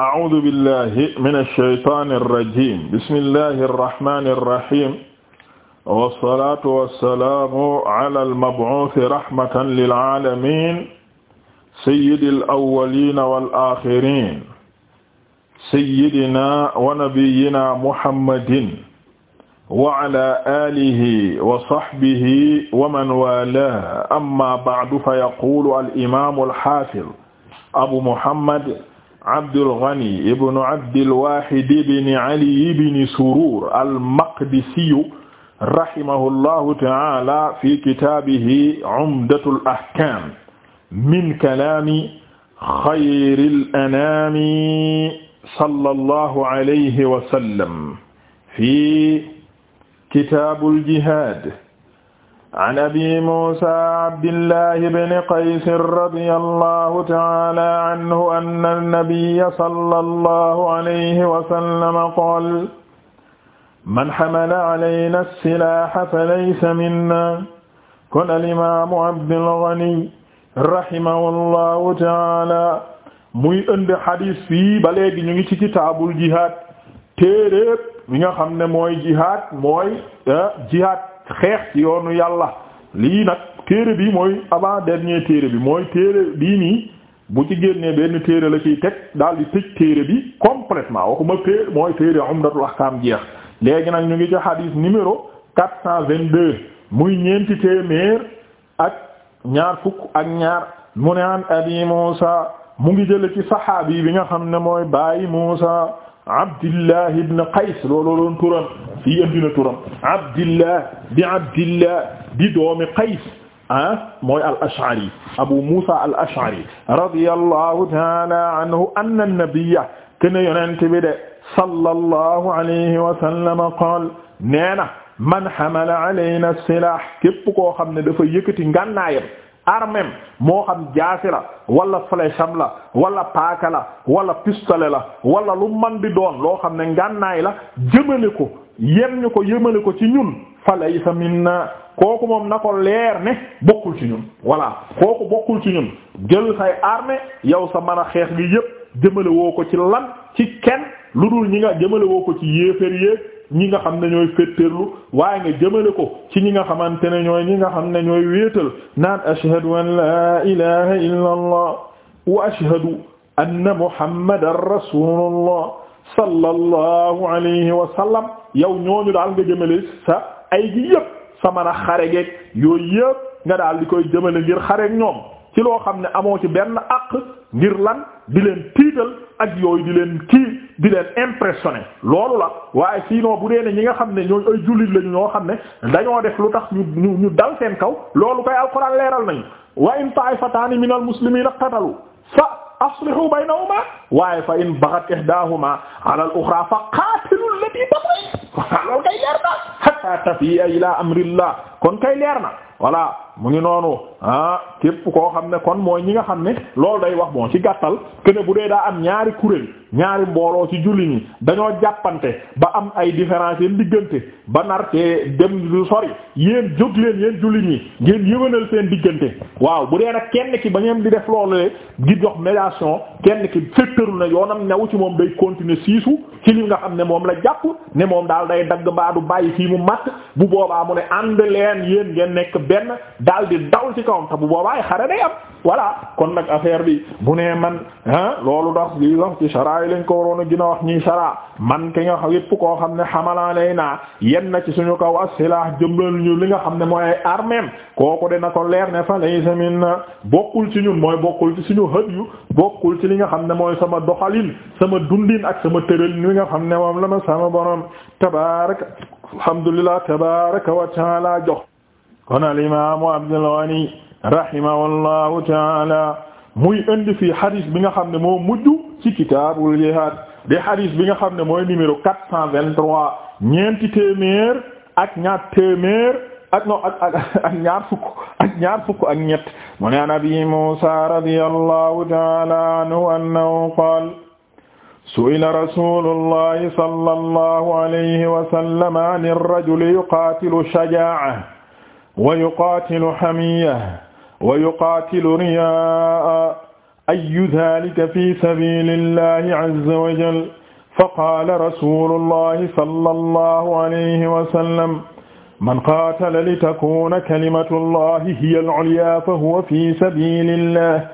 أعوذ بالله من الشيطان الرجيم بسم الله الرحمن الرحيم والصلاة والسلام على المبعوث رحمة للعالمين سيد الأولين والآخرين سيدنا ونبينا محمد وعلى آله وصحبه ومن والاه أما بعد فيقول الإمام الحافظ أبو محمد Abdul Ghani ibn Abdil Wahid ibn Ali ibn Surur al-Maqdisiyu rahimahullahu ta'ala fi kitaabihi Umdatul Ahkam min kalaami xayril anaami sallallahu alayhi wa sallam fi kitaabul jihaad an abi musa abdillahi bni qaysin radi allahu taala anhu anna annabiya sala allahu alayhi wasallama qaal man xamala alayna alsilaha falaysa minna kon alimamu abdulgani rahimahu allahu taala muy ënd xadis fii ba léegi ñu ngi ci kitaabul jihaad téeréeb mi nga xam ne mooy jihaad mooy jihaad xeex ci yoonu yàlla lii nag téere bi mooy avant dernier téere bi mooy téere bii nii bu ci génnee benn téere la ciy teg daal di tëj téere bi completement waxuma téere mooy téere Umdatul Ahkam jeex léegi nag ñu ngi ci hadith numéro quatre cent vingt-deux muy ñeenti téeméer ak ñaar fukk ak ñaar mu ne an Abi Muusa mu ngi jële ci saxaabi bi nga xam ne mooy baayi Muusa Abdillah ibn Qays looloo doon turam fii andi na turam Abdillah di Abdillah di doomi Qays ah mooy al-Ash'ari Abu Musa al-Ash'ari radiyallahu ta'ala anhu anna an-nabiyya kana yonent bi de sallallahu alayhi wa sallam qaal nee na man hamala alayna as-silah képp koo xam ne dafa yëkkati ngànnaayam armem moo xam jaasi la wala flèche am la wala paaka la wala pistolet la wala lu man di doon loo xam ne ngànnaay la jëmale ko yem ñu ko yëmale ko ci ñun yi laysa minna kooku moom na ko leer ne bokkul ci ñun voilà kooku bokkul ci ñun jël say armée yow sa man a xeex gi yépp jëmale woo ko ci lan ci kenn lu dul ñi nga jëmale woo ko ci yéeféer yéeg ñi nga xam ne ñooy féttéerlu waaye nga jëmale ko ci ñi nga xamante ne ñooy ñi nga xam ne ñooy wéetal naan ashhadu an laa ilaha illa allah wa ashhadu anna muhammadan rasulullah sallallahu alayhi wa yow ñooñu daal nga jëmale sa ay gi yépp sa mën a xare geeg nga daal di koy jëmale ngir xareeg ñoom ci loo xam ne amoo ci benn àq ngir lan di leen tiital ak yooyu di leen kii di leen impressionné loolu la waaye sinon bu dee ne ñi nga xam ne ñooy ay jullit lañu ñoo xam ne dañoo def lu tax ñu ñu ñu dal seen kaw loolu koy alxuraan leeral nañu wa in ta'ifataani minal muslimiina qatalu fa aslihu baynahuma waaye fa in baghat ihdahuma ala al-ukhra fa qatilu allati baghat loolu kay leer na hatta tafiya ila amrillah kon kay leer na voilà mu ngi noonu ah képp koo xam ne kon mooy ñi nga xam ne loolu day wax bon ci gàttal que ne bu dee daa am ñaari kuréel ñaari mbooloo ci julli ñi dañoo jàppante ba am ay différence yeen diggante ba nar cee dem du sori yéen jóg leen yéen julli ñi ngeen yëwanal seen diggante waaw bu dee nag kenn ki ba ngeen di def loolu di jox médiation kenn ki fekkaru na yoonam new ci moom day continuer siisu ci li nga xam ne moom la jàpp ne moom daal day dagg mbaa du bàyyi fii mu matt bu boobaa mu ne yéen ngeen nekk benn daal di daw ci kawam te bu boobaay xare day am voilà kon nag affaire bi bu nee man ah loolu dax lii wax ci chara yi lañ ko waroon a gën a wax ñii chara man ki nga xam yépp koo xam ne xamalaa naa yen na ci suñu kaw as-silah jëmlal ñu li nga xam ne mooy ay armèm kooku dina ko leer ne fa laysa minna bokkul ci ñun mooy bokkul ci suñu hët yu bokkul ci li nga xam ne mooy sama doxalin sama dundin ak sama tëral li nga xam ne moom la ma sama borom tabarak alhamdulillah tabaraka wa taala jox kon al imaamu Abdul Ghani rahimahullahu taala muy indi fii hadith bi nga xam ne moo mujj ci kitaabul jihaad di hadith bi nga xam ne mooy numéro quatre cent vingt-trois ñeenti téeméer ak ñaar téeméer ak no ak ak ñaar fukk ak ñaar fukk ak ñett mu ne an Abi Muusaa radiyallahu taala anhu annahu qaala su'ila rasuulullahi sallallahu alayhi wa sallam an ar-rajuli yuqaatilu shajaa'atan wa yuqaatilu hamiyya wa yuqaatilu riyaa'a ayyu dhaalika fi sabiilillaahi azza wa jalla faqaala rasuulullaahi sallallahu alayhi wa sallam man qaatala litakuuna kalimatullaahi hiya al-'ulyaa fahuwa fi sabiilillaahi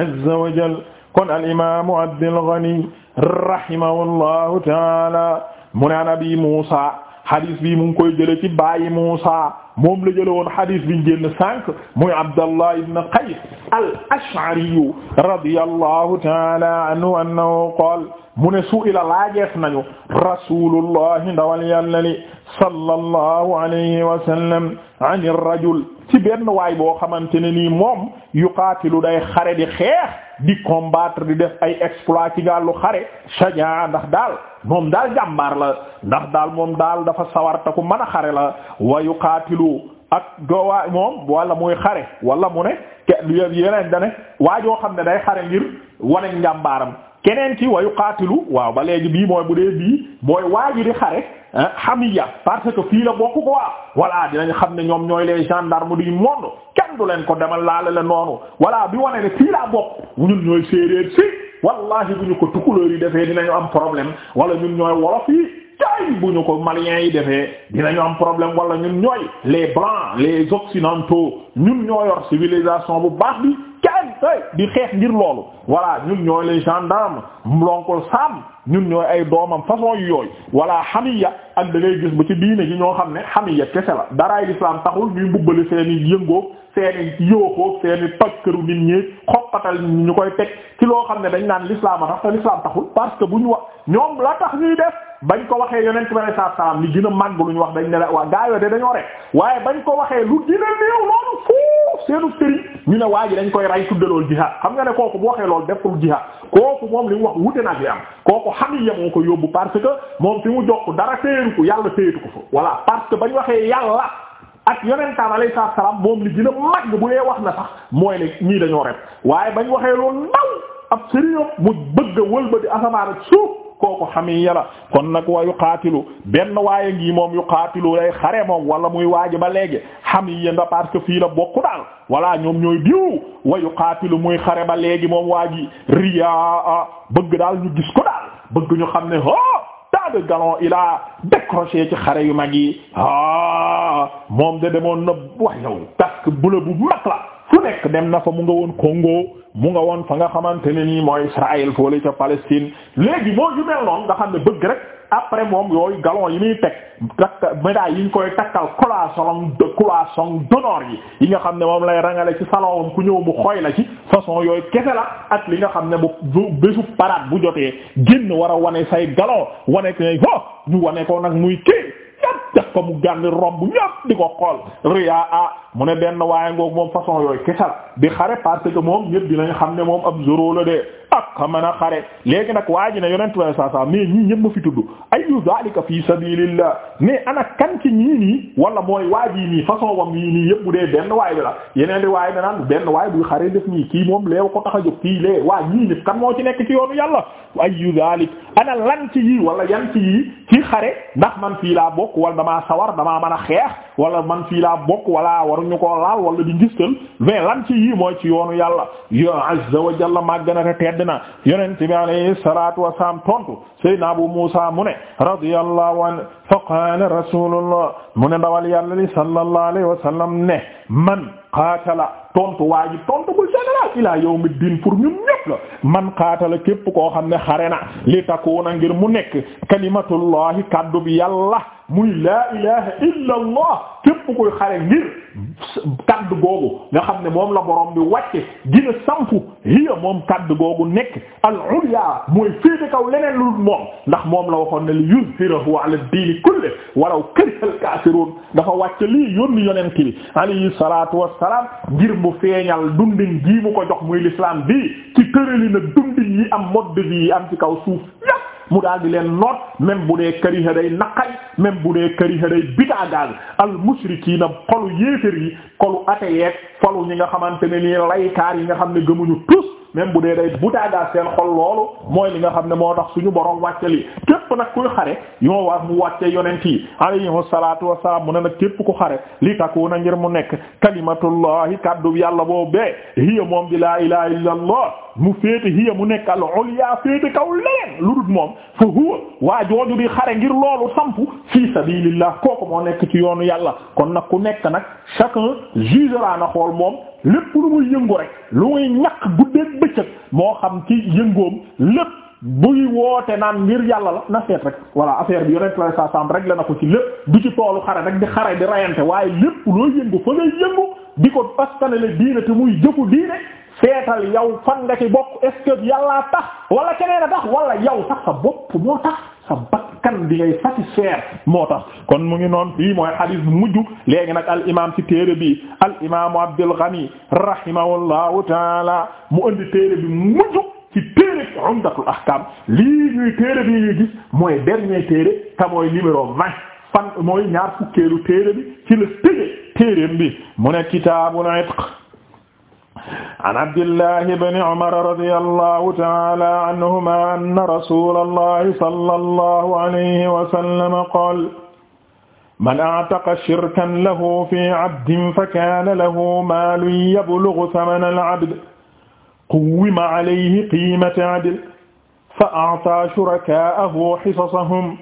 azza wa jalla kon al-imaamu Abdul Ghani rahimahullaahu ta'aalaa mu naan Abii Muusaa hadis bi mu ngi koy jële ci baayi Muusa moom la jële woon hadis biñ génn sànq muy Abdallah ibn Qays al-Ash'ari radiyallahu ta'ala anhu annahu qaala mu ne su'ila laajeef nañu rasulullah ndawal yàlla li sallallahu alayhi wa sallam an ar-rajul ci benn waay boo xamante ne nii moom yu yuqaatilu day xare di xeex di combattre di def ay exploit ci gàllu xare shajaa ndax daal moom daal jàmbaar la ndax daal moom daal dafa sawarta ku mën a xare la wa yuqaatilu ak doowaay moom wala muy xare wala mu ne ke yeneen da waa joo xam ne day xare ngir wane njàmbaaram keneen ci wayu yuqaatilu waaw ba léegi bii mooy bu dee bii mooy waa di xare hamiya parce que fii la bokk quoi voilà dinañ xam ne ñoom ñooy les gendarmes du monde kenn du leen ko demal laale la noonu voilà bi wane ne fii laa bokk ñun ñooy séeréer si wallahi bu ñu ko tukulóor yi defee dinañu am problème wala ñun ñooy wolof yi caay bu ñu ko maliens yi defee dinañu am problème wala ñun ñooy les blancs les occidentaux ñun ñoo yor civilisation bu baax bi caay di xeex ngir loolu voilà ñun ñooy les gendarmes l'oncle Sam ñun ñooy ay doomam façon yu yooyu voilà xamiya ak da ngay gis ba ci diine ji ñoo xam ne xamiya kese la daraay lislaam taxul ñuy mbubbali seeni yëngoo seeni yóoxoo seeni toj nit ñi xoppatal ñu koy teg ki loo xam ne dañ naan lislaam a tax te lislaam taxul bu ñu wax bañ ko waxee yonent bi sallallahu alayhi wasallam li gën a màgg lu ñu wax ne la waa gaa yoo de dañoo bañ ko waxee lu dina néew loolu ñu ne waa ji dañ koy ray tudde loolu jihaad xam nga ne kooku bu waxee loolu deful jihaad kooku moom li mu wax wute nag li am kooku xam yi yamoo ko yóbbu parce que moom fi mu jokk dara ko yàlla téyetu ko fa voilà parce que bañ waxee yàlla ak yonentaan alayhi salaam moom li gën a màgg bu dee wax na sax mooy ne ñii dañoo rek waaye bañ waxee loolu ndaw ab sëriñam mu bëgg a wëlba di suuf kooku hamiya la kon nag wa yuqaatilu benn waaye ngi moom yuqaatilu lay xare moom wala muy waaji ba léegi hamiya nga parce que fii la bokku daal wala ñoom ñooy diw wa yuqaatilu muy xare ba léegi moom waaji riyaa bëgg daal ñu gis ko daal bëgg ñu xam ne ho da galon ilaa décroché ci xare yu mag yi ah, moom de demoon na wax yow parce bula bu mag fu nekk dem na fa mu nga woon Congo mu nga woon fa nga xamante ne nii mooy Israël foole ca Palestine léegi moo ju mel noonu nga xam ne bëgg rek après moom yooyu galon yi muy teg takk médaille yi ñu koy takkal collation de collation d'honneur yi yi nga xam ne moom lay rangale ci salon ku ñëw mu xooy la ci façon yooyu kese la ak li nga xam ne bu bésu parade bu jotee génn war a wane say galon wane ko oh, ñu wane ko nag muy kii ñëpp def ko mu gànni romb ñëpp di ko xool riyaa ah mu ne benn waaye ngoog moom façon yooyu kesal bi xare parce moom moom ñëpp dinañ xam ne moom am zoro la de ak ka mën a xare léegi nag waa ji ne yonent bi saa saa mais ñii ñëpp ma fi tudd ayu zalika fi sabilillah mais ana kan ci ñii nii wala mooy waa ji nii façon wam yii nii yëpp bu dee benn waay bi la yeneen di waay benn waay buy xare def nii kii moom leew ko tax a jóg kii lee waa ñii ñëpp kan moo ci nekk ci yoonu yàlla ayu zalik ana lan ci yii wala yan ci yii ci xare ndax man fii laa bokk wala damaa sawar damaa man a xeex wala man fii laa bokk wala waruñu koo laal wala di ngistal lan ci ci yoonu yàlla ya azza wa jalla màgg na yonent bi alayhi salatu wasalaam tontu sayyidina Abu Musa mu ne radiyallahu anhu fa qaala rasulullah mu ne ndawal yàlla li sallallahu alayhi wa sallam ne man qaatala tontu waa tontu bu général ila yawmi diin pour ñun ñëpp la man qaatala képp koo xam ne xare na li takuuna ngir mu nekk kalimatullahi kaddu bi muy laa ilaha illa allah képp koy xare ngir kaddu googu nga xam ne moom la borom bi wàcce dina sampu hiya moom kaddu googu nekk al ulya mooy féete kaw leneen lu moom ndax moom la waxoon ne li yuzhirahu ala diini kulli walaw kariha al kaafiruun dafa wàcce lii yónni yonent bi alayhi salaatu wassalaam ngir mu feeñal dundin gii mu ko jox muy l'islam bi ci tërali na dundin yi am mode de yi am ci kaw suuf yépp mu daal di leen noot même bu dee kariha day naqay même bu dee kariha day bitaagaal al mushrikiina xolu yéefér yi xolu ateyeek xolu ñi nga xamante ne nii laykaar yi nga xam ne gëmuñu tus même bu dee day butaagaa seen xol loolu mooy li nga xam ne moo tax suñu boroom wàcce lii képp nag kuy xare yoo war mu wàcce yonent yi alayhimu salaatu wassalaam mu ne nag képp ku xare li na ngir mu nekk kalimatullahi kaddu yàlla boobu bee hiya moom bi laa ilaha illa allah mu féete hiya mu nekk al ulya féete kaw leen lu dut moom fa huwa waa jooju di xare ngir loolu sampu fi sabilillah kooku moo nekk ci yoonu yàlla kon nag ku nekk nag chaque jugera moom lépp lu muy yëngu rek lu muy ñaq guddeeg bëccëg moo xam ci yëngoom lépp buy woote naan ngir yàlla la na seet rek voilà affaire bi yonent la sa rek la na ko ci lépp du ci toolu xare rek di xare di rayante waaye lépp loo yëngu fa ngay yëngu di ko askanale diine te muy jëfu diine seetal yow fan nga ci bokk est yàlla tax wala keneen a tax wala yow sax sa bopp moo tax sa bakkan bi ngay satisfaire moo tax kon mu ngi noon fii mooy hadith mujj léegi nag al imam ci téere bi al imaamu Abdul Ghani rahimahullahu taala mu indi téere bi mujj ci téere Umdatul Ahkam lii ñuy téere bi ñuy gis mooy dernier téere te mooy numéro vingt mooy ñaar fukkeelu téere bi ci la tëje mu ne kitaabul itq an abdillahi bni umar radiyallahu ta'ala anhuma anna rasulallahi sallallahu alayhi wa sallam qaala man a'taqa shirkan lahu fi abdin fakana lahu maalun yablughu thamana al-'abd quwwima alayhi qiimatu 'adl fa a'taa shuraka'ahu hisasahum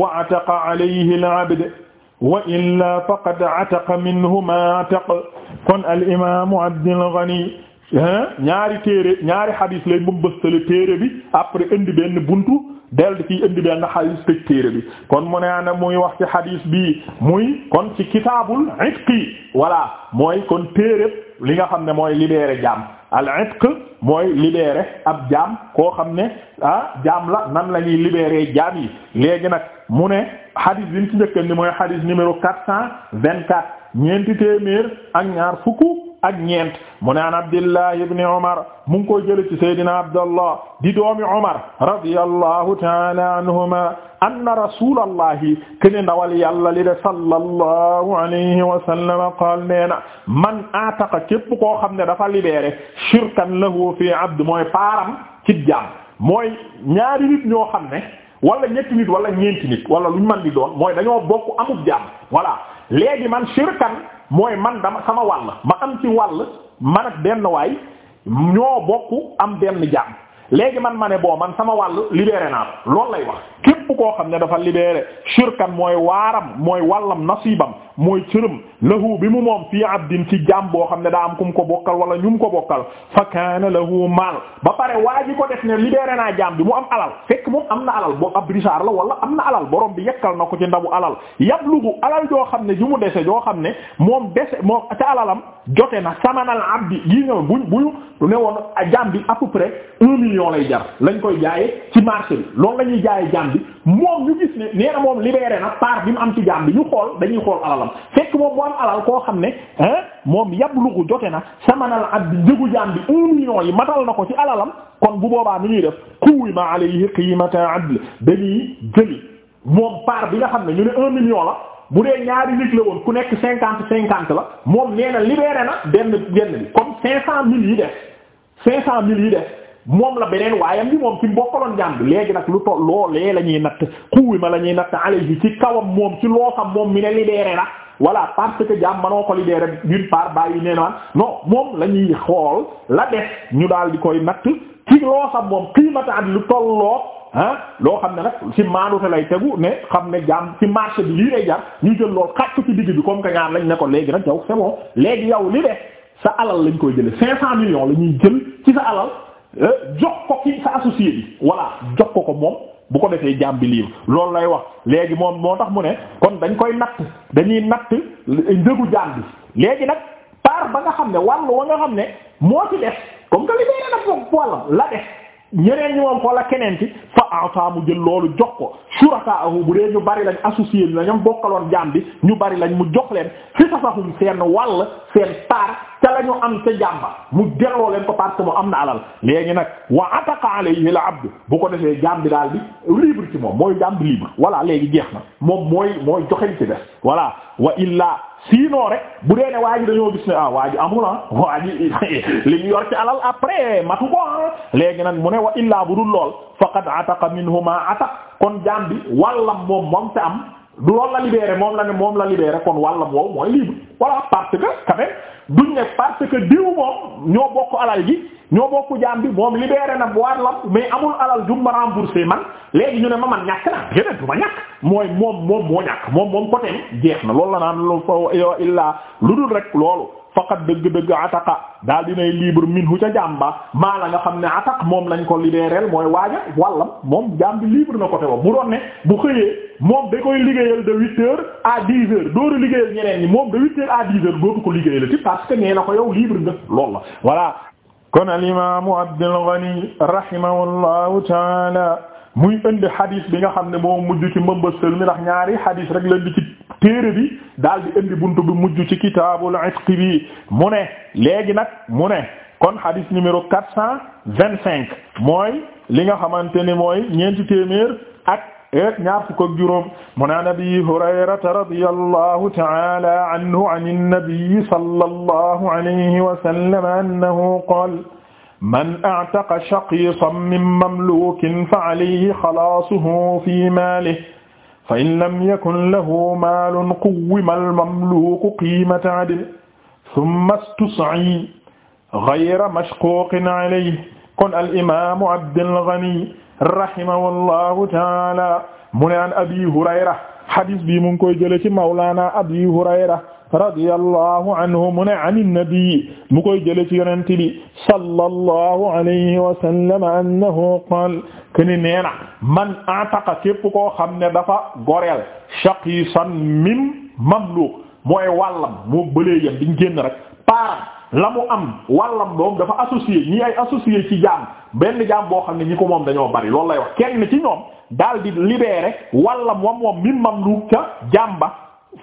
wa a'taqa alayhi al-'abd wa illaa faqad ataqa minhu ma ataq kon al imaamu Abdul Ghani ñaari téere ñaari xadis lay mbëmbëstale téere bi après indi benn buntu del di ciy indi benn xadis tëj téere bi kon mu ne ana muy wax ci xadis bi muy kon ci kitaabul itqi voilà mooy kon téere li nga xam ne mooy libérer jaam al itq mooy libérer ab jaam koo xam ne ah jaam la nan la ñuy libérer jaam yi léegi nag mu ne xadis bi ci njëkkan mooy xadis numéro quatre cent vingt quatre ñeenti téeméer ak ñaar fukk ak ñeent mu ne an Abdullah ibn Umar mu ngi koy jële ci Seydina Abdallah di doomi Umar radiyallahu ta'ala anhuma anna rasulallahi kene ndawal yàlla li de sallallahu qaal nee na man ataqa képp koo xam ne dafa libéré shirkan lahu fi abd mooy paaram ci jaam mooy ñaari ñoo xam ne wala ñetti nit wala ñeenti nit wala ñu man di doon mooy dañoo bokk amut jàmm voilà léegi man shirkan mooy man dama sama wàll ma am ci wàll man ak benn waay ñoo bokk am benn jàmm léegi man ma ne boo man sama wàll libéré naa ko lay wax képp koo xam ne dafa libéré shirkan mooy waaram mooy wàllam nasibam mooy cërëm lahu bi mu moom fii abdin ci jaam boo xam ne daa am ku mu ko bokkal wala ñu mu ko bokkal fa kaana lahu maal ba pare waa ji ko def ne libéré naa jaam bi mu am alal fekk moom am na alal boo ab risaar la wala am na alal borom bi yekkal na ko ci ndabu alal yablugu alal joo xam ne ju mu dese joo xam ne moom dese moom te alalam jote na samanal abdi gii nga buñ buñu ne woon jaam bi à peu près un million lay jar lañ koy jaayee ci marché bi loolu la ñuy jaayee jaam bi moom ñu gis ne nee moom libéré na part bi mu am ci jaam bi ñu xool dañuy xool alalam fekk moom bu am alal koo xam ne hein moom yablugu jote na samanal abdi njëgu jaam bi un million yi matal na ko ci alalam kon bu boobaa nu ñuy def yi quwima alayhi qimata adl dañuy jëli moom part bi nga xam ne ñu ne un million la bu dee ñaari nit la woon ku nekk cinquante cinquante la moom nee na libéré na benn benn bi comme cinq cent mille yi def cinq cent mille yi def moom la beneen waayam bi moom ci mbokkaloon jàmb léegi nag lu toll loolee la ñuy natt xuwi ma la ñuy natt alayhi ci kawam moom ci loo xam moom mi ne libéré na voilà parce que jàmm manoo ko libéré d'une part bàyyi nee na non moom la ñuy xool la def ñu daal di koy natt ci loo xam moom qiimata at lu tolloo ah loo xam ne nag ci maanute lay tegu ne xam ne jàmm ci marché bi lii lay jar ñu jël lool xàcc ci digg bi comme que ñaar lañ ne ko léegi nag yow c'est bon léegi sa alal lañ koy jëlee 500 millions la ñuy jël ci sa Euh, jox ko ki sa associé bi voilà jox ko ko moom bu ko defee jaam bi libre loolu lay wax léegi moom moo tax mu ne kon dañ koy natt dañuy natt njëgu jaam bi léegi nag par ba nga xam ne wàllu wa nga xam ne moo ci def comme que li day nag la def ñeneen ñi moom wala keneen ci fa ata mu jël loolu jox ko shurakaahu bu dee ñu bari lañ associé bi la ñoom bokkaloon jaam bi ñu bari lañ mu jox leen hisasahum seen wàll seen taar ca la ñu am ca jàmba mu delloo leen ko parce que mu am na alal léegi nag wa ataqa alayhi la abd bu ko defee jaam bi daal bi libre ci moom mooy jaam bi libre voilà léegi jeex na moom mooy mooy joxeñ ci def voilà wa illa sinon rek bu dee ne waa ji dañoo gis ne ah waa ji amul ah li ñu yor ci alal après matu ko ah. léegi mu ne wa illaa budul lool faqad ataqa minhuma ataq kon jaam bi wàllam moom moom te am. du la libéré moom la ne moom la libéré kon wàllam woowu mooy libre voilà parce que quand même duñ ne parce que diw moom ñoo bokk alal ji ñoo bokk jaam bi moom libéré na wàllam mais amul alal ju man léegi ñu ne ma man ñàkk mooy moom moom moo moom moom côté bi na loolu la naan lu fa lu dul rek loolu faqat dëgg-dëgg ataka daal dinay libre minhu ca jaam ba maa la nga xam ne atak moom lañ ko libéré mooy waaja wàllam moom jaam bi libre na côté ba bu doon ne bu xëyee moom da koy liggéeyal de huit heures à dix heures dooru liggéeyal ñeneen ñi moom de huit heures à dix heures dootu ko liggéeyalati parce que nee na ko yow libre nga loolu la voilà kon al imaamu Abdul Ghani rahimahullahu taala muy indi hadis bi nga xam ne moo mujj ci mbambastal mi ndax ñaari hadis rek la di ci téere bi daal di indi buntu bi mujj ci kitaabul itq bi mu ne léegi nag mu ne kon hadis numéro quatre cent vingt cinq mooy li nga xamante ni mooy ñeenti téeméer et eh, ñaar fukk ak juróom mu ne an abi hurayrata radiyallahu ta'ala anhu an an-nabi sallallahu alayhi wa sallam annahu qala man a'taqa shaqisan min mamlukin fa alayhi xalaasuhu fi maalihi fa in lam yakun lahu maalun quwwima al-mamluku qiimata adlin thumma istus'ii ghayra mashquuqin alayhi kon al-imaamu Abdul Ghani rahimahullahu taala mu ne an abi hurayra hadis bi mu ngi koy jële ci mawlaana abi hurayra radiyallahu anhu mu ne ani nabi mu koy jële ci yonent bi sallallahu alayhi wa sallam annahu qaal kene neena man ataqa képp koo xam ne dafa goreel shaqisan min mamluuk mooy wàllam moo bëlee yam diñ génn rek paaram la mu am wàllam doom dafa associé ñi ay associé ci jaam benn jaam boo xam ne ñi ko moom dañoo bari loolu lay wax kenn ci ñoom daal di libéré wàllam wam moom mam mamluk ca jaam ba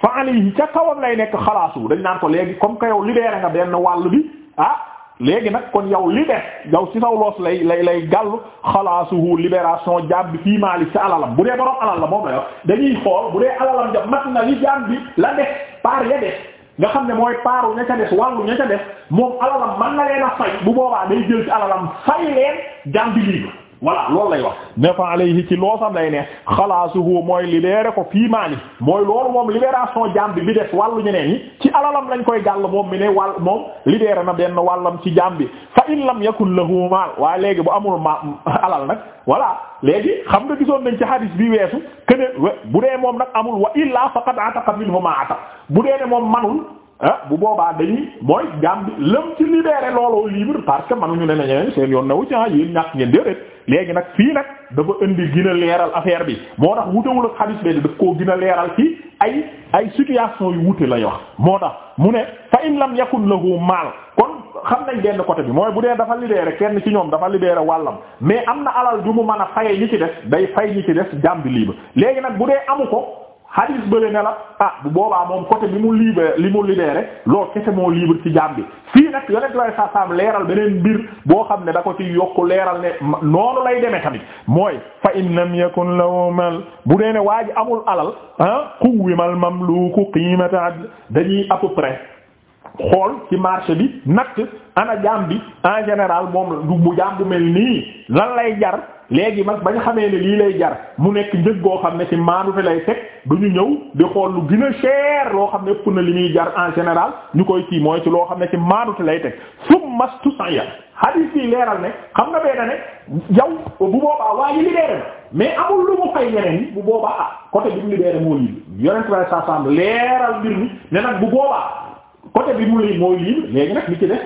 fa alayhi ca kawam lay nekk xalaasu dañ naan ko léegi comme que yow libéré nga benn wàll bi ah léegi nag kon yow li def yow ci saw loos lay lay lay gàllu xalaasuhu libération jaam bi fii maali ci alalam bu dee borom alal la moom la yow dañuy xool bu dee alalam ja mat na li jaam bi la def par nga xam ne mooy paaru ña ca des wàllu ñu ca des moom alalam man na leen a fay bu boobaa day jël ci alalam fay leen jàmbi libre voilà loolu lay wax ne fa alayhi ci loo sam lay ne xalaasuhu mooy libéré ko fii maani mooy loolu moom libération jaam bi bi des wàllu ñeneen ñi ci alalam lañ koy gàll moom mi ne wàll moom libéré na benn wàllam ci jaam bi fa in lam yakun lahu maal waaye léegi bu amul ma alal nag voilà léegi xam nga gisoon nañ ci hadis bi weesu kene bu dee moom nag amul wa illaa faqad ataqa minhu ma ata bu dee ne moom manul ah bu boobaa dañuy mooy jaam bi lëm ci libéré looloo libre parce que manuñu yoon newu ci ah ngeen léegi nag fii nag dafa indi gën leeral affaire bi moo tax wutewul ak xadis bi daf koo gën leeral ci ay ay situation yu wute lay wax moo tax mu ne fa in lam yakun lahu maal kon xam nañ denn côté bi mooy bu dee dafa libéré kenn ci ñoom dafa libéré wàllam mais am na alal ju mu mën a faye ñi ci des day fay ñi ci des jàmbi ba léegi nag bu dee amu ko hadis bële ne la ah bu boobaa moom côté bi mu libéré li mu libéré loolu kese moo libre ci jaam bi fii nag yonent lay sa sam leeral beneen mbir boo xam ne da ko ci yokk leeral ne noonu lay demee tamit mooy fa in lam yakun lahu mal bu dee ne waa ji amul alal ah quwwimal mamluku qiimata adl dañuy à peu près xool ci marché bi natt ana jaam bi en général moom du jaam bu mel nii lan lay jar léegi mag bañ xamee ne lii lay jar mu nekk njëg goo xam ne ci maanu fi lay teg du ñu ñëw di xool lu gën cher loo xam ne ëpp na li ñuy jar en général ñu koy kii mooy ci loo xam ne ci maanu lay teg summa tusaya hadith yi leeral ne xam nga benn ne yow bu boobaa waa ji na mais amul lu mu fay ñeneen bu boobaa ah côté bi mu libéré moo libre yonent bay mbir mi ne nag côté bi mu li mooy léegi nag li ci def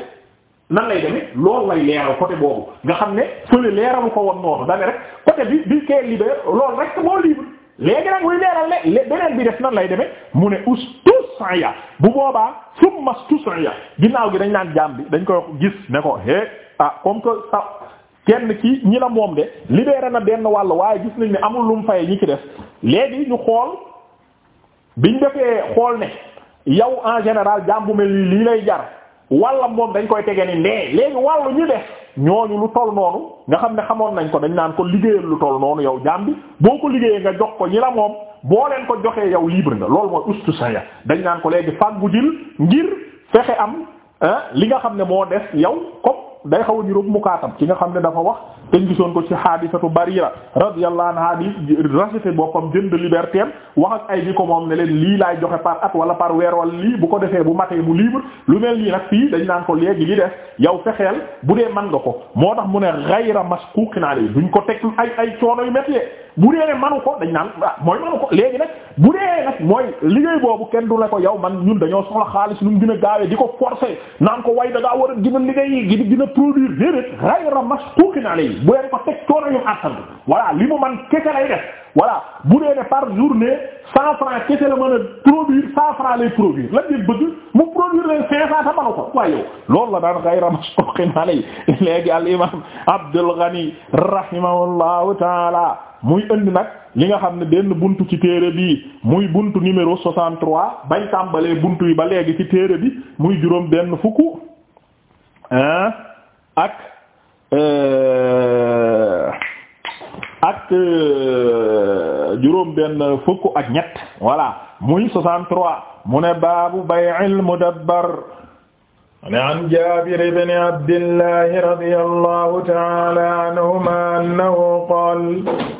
nan lay demee loolu lay leeral côté boobu nga xam ne fële leeralu ko woon noonu dane rek côté bi bi kay libéré lool rek moo libre léegi nag muy leeral le beneen bi def nan lay demee mu ne ustusaya bu boobaa summa ustusaya ginnaaw gi dañ naan jaam bi dañ koy gis ne ko é ah comme que sa kenn ki ñi la moom de libéré na benn wàll waaye gis nañ ne amul lu mu fay ñi ci def léegi ñu xool bi ñu defee xool ne yow en général jaam bu mel lii lay jar walla moom dañ koy tege ni ndee léegi wàllu ñu def ñooñu lu toll noonu nga xam ne xamoon nañ ko dañ naan ko liggéeyal lu toll noonu yow jaam bi boo ko liggéeyee nga jox ko ñi la moom boo leen ko joxee yow libre nga loolu mooy ustu saya dañ naan ko léegi fàggu jil ngir fexe am li nga xam ne moo des yow comme day xaw a niroog mukaatam ki nga xam ne dafa wax te gisoon ko ci xaadisatu Barira radiyallahu anha di racheter boppam jënd liberté wax ak ay bi ko moom ne leen lii laay joxe par at wala par weer wala lii bu ko defee bu matee mu libre lu mel nii nag fii dañ naan ko léegi li des yow fexeel bu dee man nga ko moo tax mu ne ghayra maskuqin alayhi duñ ko teg ay ay coono yu métti bu dee ne manu ko dañ naan ah mooy manu ko léegi nag bu dee nag mooy liggéey boobu kenn du la ko yow man ñun dañoo soxla xaalis nu mu gën a gaawee di ko forcer naan ko way da ngaa war a gën a liggéey gi di gën a produire déedéet ghayra mashkukin alayhi bu dee ko teg coono yu attan voilà li mu man kese lay def voilà bu dee ne par journée cent francs kese la mën a produire cent francs lay produire la ngeen bëgg mu produire leen cinq cents ta manu ko waaye yow loolu la daan ghayra mashkukin alayhi léegi al imam Abdul Ghani rahimahullahu ta'ala muy indi nag li nga xam ne benn buntu ci téere bi muy buntu numéro 63 bay tàmbalee buntu yi ba léegi ci téere bi muy juróom benn fukk ak euh, ak euh, juróom fukk ak ñett voilà muy 63 mu ne baabu bay'il mudabbar an Jaabir ibn Abdillahi radiyallahu ta'ala anhuma annahu qaala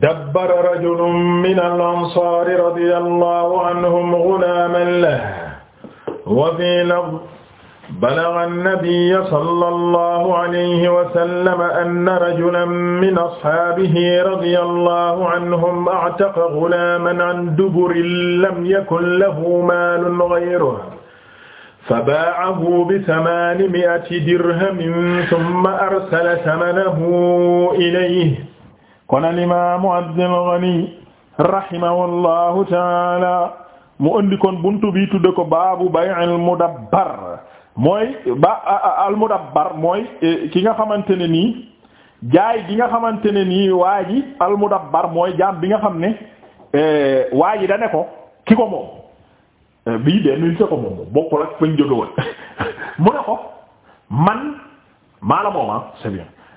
dabbara rajulun min al-ansaari radiyallahu anhum ghulaaman lahu wa fii lafdin balagha an-nabiyya sallallahu alayhi wa sallam anna rajulan min ashaabihi radiyallahu anhum a'taqa ghulaaman 'an duburin lam yakun lahu maalun ghayruhu fabaacahu bi-thamaani mi'ati dirhamin thumma arsala thamanahu ilayhi kon alimamu abdulgani rahimahullahu taala mu andi kon buntu bi tudde ko baabu bay'il mudabbar mooy ba al mudabbar mooy e, ki nga xamante ne nii jaay gi nga xamante ne nii waa ji al mudabbar mooy jaam bi nga xam ne e, waa ji da ne ko ki ko moom e, bii dee nuñ ko moom moom bokkul ak fañ jóge woon mu ne ko man maa la mooma ah, c'est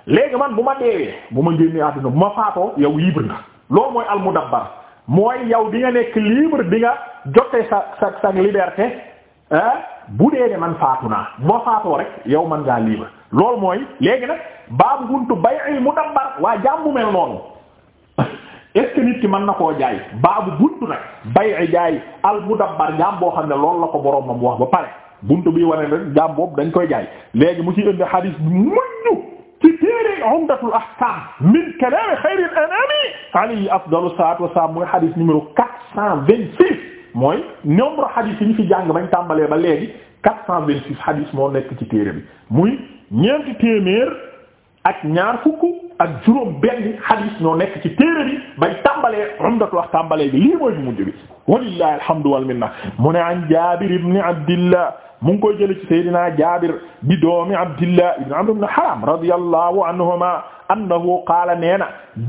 léegi man bu ma deewee bu ma génnee àdduna bu ma faatoo yow libre nga loolu mooy al mudabbar mooy yow di nga nekk libre di nga jote sa sa sa liberté bu dee ne man faatu naa bu ma faatoo rek yow man ngaa libre loolu mooy léegi nag baabu buntu bay'il mudabbar waa jaam bu mel noonu est-ce ki man na koo jaay baabu buntu nag bay'i jaay al mudabbar jaam boo xam ne loolu la ko boroomam wax ba pare bunt bi wane rek jaam boobu dañ koy jaay léegi mu ci indi hadith ci téere Umdatul Ahkam min kalaam xayril anaami alayhi afdalu salaatu wa mooy xadis numéro quatre cent vingt mooy nombre xadis yi ñu fi jàng bañ tàmbalee ba léegi quatre cent vingt six xadis moo nekk ci téere bi muy ñeenti téeméer ak ñaar fukk ak juróom benn xadis ñoo nekk ci téere bi bañ tàmbalee Umdatul Ahkam tàmbalee mooy bu mujj bi walillahi alhamdu wal minna mu ne an Jaabir ibn Abdillah mu ngi koy jële ci Seydina Jaabir bi doomi Abdillah ibn Amr ibn Haram radiyallahu anhuma annahu qaala neena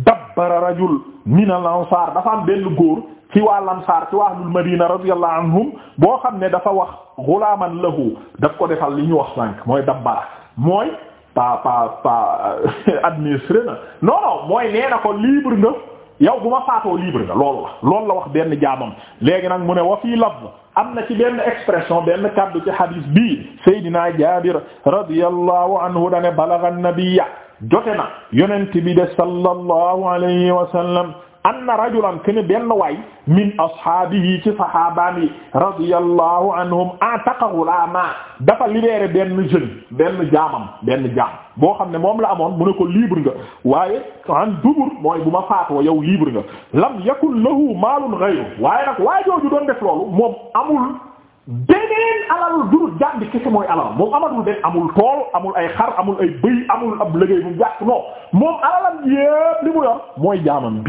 dabbara rajul min al ansar dafa am benn góor ci waa lansaar ci waa ahlul madina radiyallahu anhum boo xam ne dafa wax ghulaman lahu daf ko defal li ñu wax sànq mooy dabbara mooy pa pa pa administré na non mooy nee na ko nga yow bu ma faatoo libre nga loolu la loolu la wax benn jaamam léegi nag mu ne wa fii lafz am na ci benn expression benn kaddu ci hadis bii Seydina Jaabir radiyallahu anhu dane balagha an-nabiyya jote na yonent bi de sallallahu alayhi wa sallam anna rajulan kene benn waay min ashaabihi ci sahaabaan yi radiyallahu anhum ataqa ghulama dafa libéré benn jeune benn jaamam benn jaam boo xam ne moom la amoon mu ne ko libre nga waaye an dubur mooy bu ma faatoo yow libre nga lam yakun lahu maalun ghayru waaye nag waa jooju doon def loolu moom amul beneen alal jurut jàmbi kese mooy alal moom amadul benn amul tool amul ay xar amul ay bëy amul ab liggéey bu jàpp non moom alalam yépp li mu yor mooy jaamam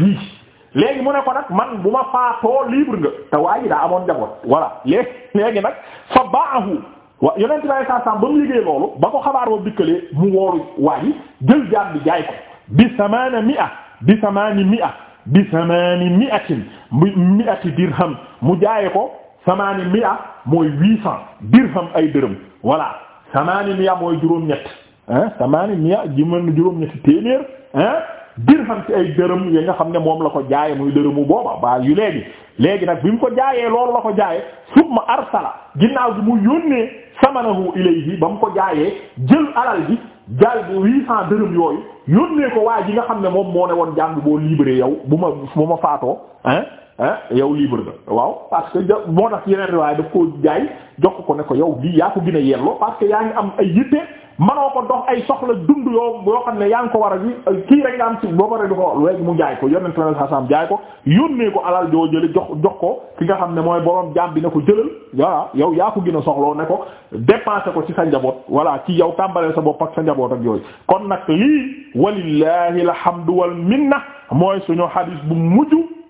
léegi mu ne ko nag man bu ma faatoo libre nga te waa ji amoon njaboot voilà léegi léegi nag fa baahu wa yonent bi saa saa ba mu liggéey loolu ba ko xabaar ba bikkalee mu wóolu waa ji jël jaam bi jaay ko bi samaana mi'a bi samaani mi'a bi samaani mi'atin bi mi'ati dirham mu jaay ko samaani mi'a mooy huit cent dirham ay dërëm voilà samaani mi'a mooy juróom-ñett ah samaani mi'a dirham ci ay dërëm yi nga xam ne moom la ko jaaye muy dërëmu booba ba yu léegi léegi nag bi mu ko jaayee loolu la ko jaaye ma arsala ginnaaw bi mu yónnee samanahu ilayhi ba mu ko jaayee jël alal ji jaay bi huit cent dërëm yooyu yónnee ko waa ji nga xam ne moom moo ne woon jàng boo libéré yow bu ma bu ma faatoo hein yow libre na waaw parce que moo tax yeneen riwaay daf koo jaay jox ko ne ko yow lii yaa ko gën a yelloo parce que yaa ngi am ay yitte manoo ko dox ay soxla dund yoo yoo xam ne yaa ngi ko war a kii rek nga am ci boo pare di ko léegi mu jaay ko yonent na sasam jaay ko ko alal joo jële jox jox ko ki nga xam ne mooy borom jaam bi ne ko jëlal voilà yow yaa ko gën a soxloo ne ko dépensé ko ci sa njaboot voilà ci yow tàmbalee sa bopp ak sa njaboot ak yooyu kon nag lii walillahi alhamdu wal minna mooy suñu hadis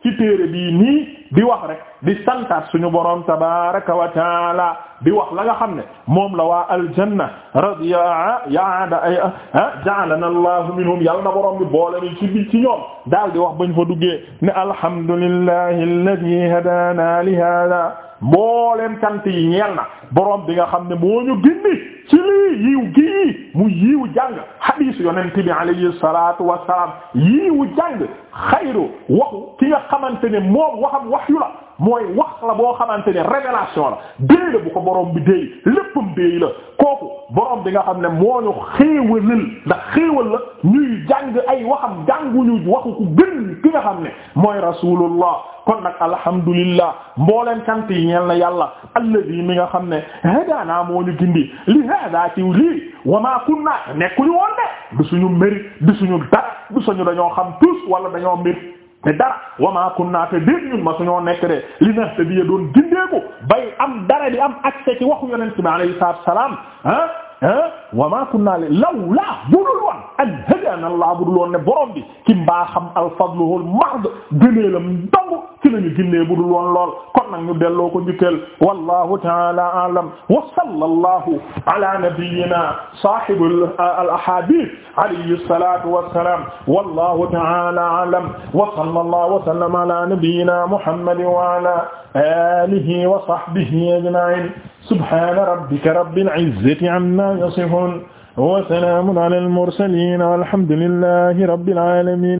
ci téere bii nii di wax rek di santaat suñu boroom tabaraka wa taala di wax la nga xam ne moom la waa aljanna radiya yaada ay ah, ja'alana allahu minhum yàlla na boroom bi boole ni ci bi ci ñoom daal di wax bañ fa duggee ne alhamdulillahi alladhi hadana li hada mbooleem cant yi ñeel na borom bi nga xam ne moo ñu gindi ci lii yiw gii mu yiiw jàng hadith yonent bi alayhi salatu wasalaam yiiwu jàng xayru waxu ki nga xamante ne moom waxam waxyu la mooy wax la boo xamante ne révélation la déey la bu ko borom bi déey léppam déey la kooku borom bi nga xam ne moo ñu la ñuy jàng ay waxam ki nga xam ne mooy rasulullah kon nag alhamdulillah mbooleen cant yi ñeel na yàlla alladi mi nga xam ne hadaana moo ñu gindi li hada ci lii wa ma kunna nekkuñu woon de du suñu mérite du suñu dara du suñu dañoo xam tous wala dañoo mérite te dara wama kunna te déet ñun ma suñoo nekk li na te biya doon gindeeku bay am dara di am accès ci waxu yonent bi alayhi salaatu salaam ah ah wama kunna le lawla budul woon an hadana Allah budul woon ne borom bi ci mbaaxam al fadluhul mahd gëneelam dong ci la ñu ginnee bu dul woon lool kon nag ñu delloo ko njukkeel wallahu taala aalam wa sallallahu ala nabiyyina sahibi al ahadith alayhi salatu wassalam wallahu taala aalam wa sallallahu wa sallama ala nabiyyina muhammadin wa ala alihi wa sahbihi ajma'in subhana rabbika rabbil izzati amma yasifun wa salamun ala al mursalin walhamdulillahi rabbil alamin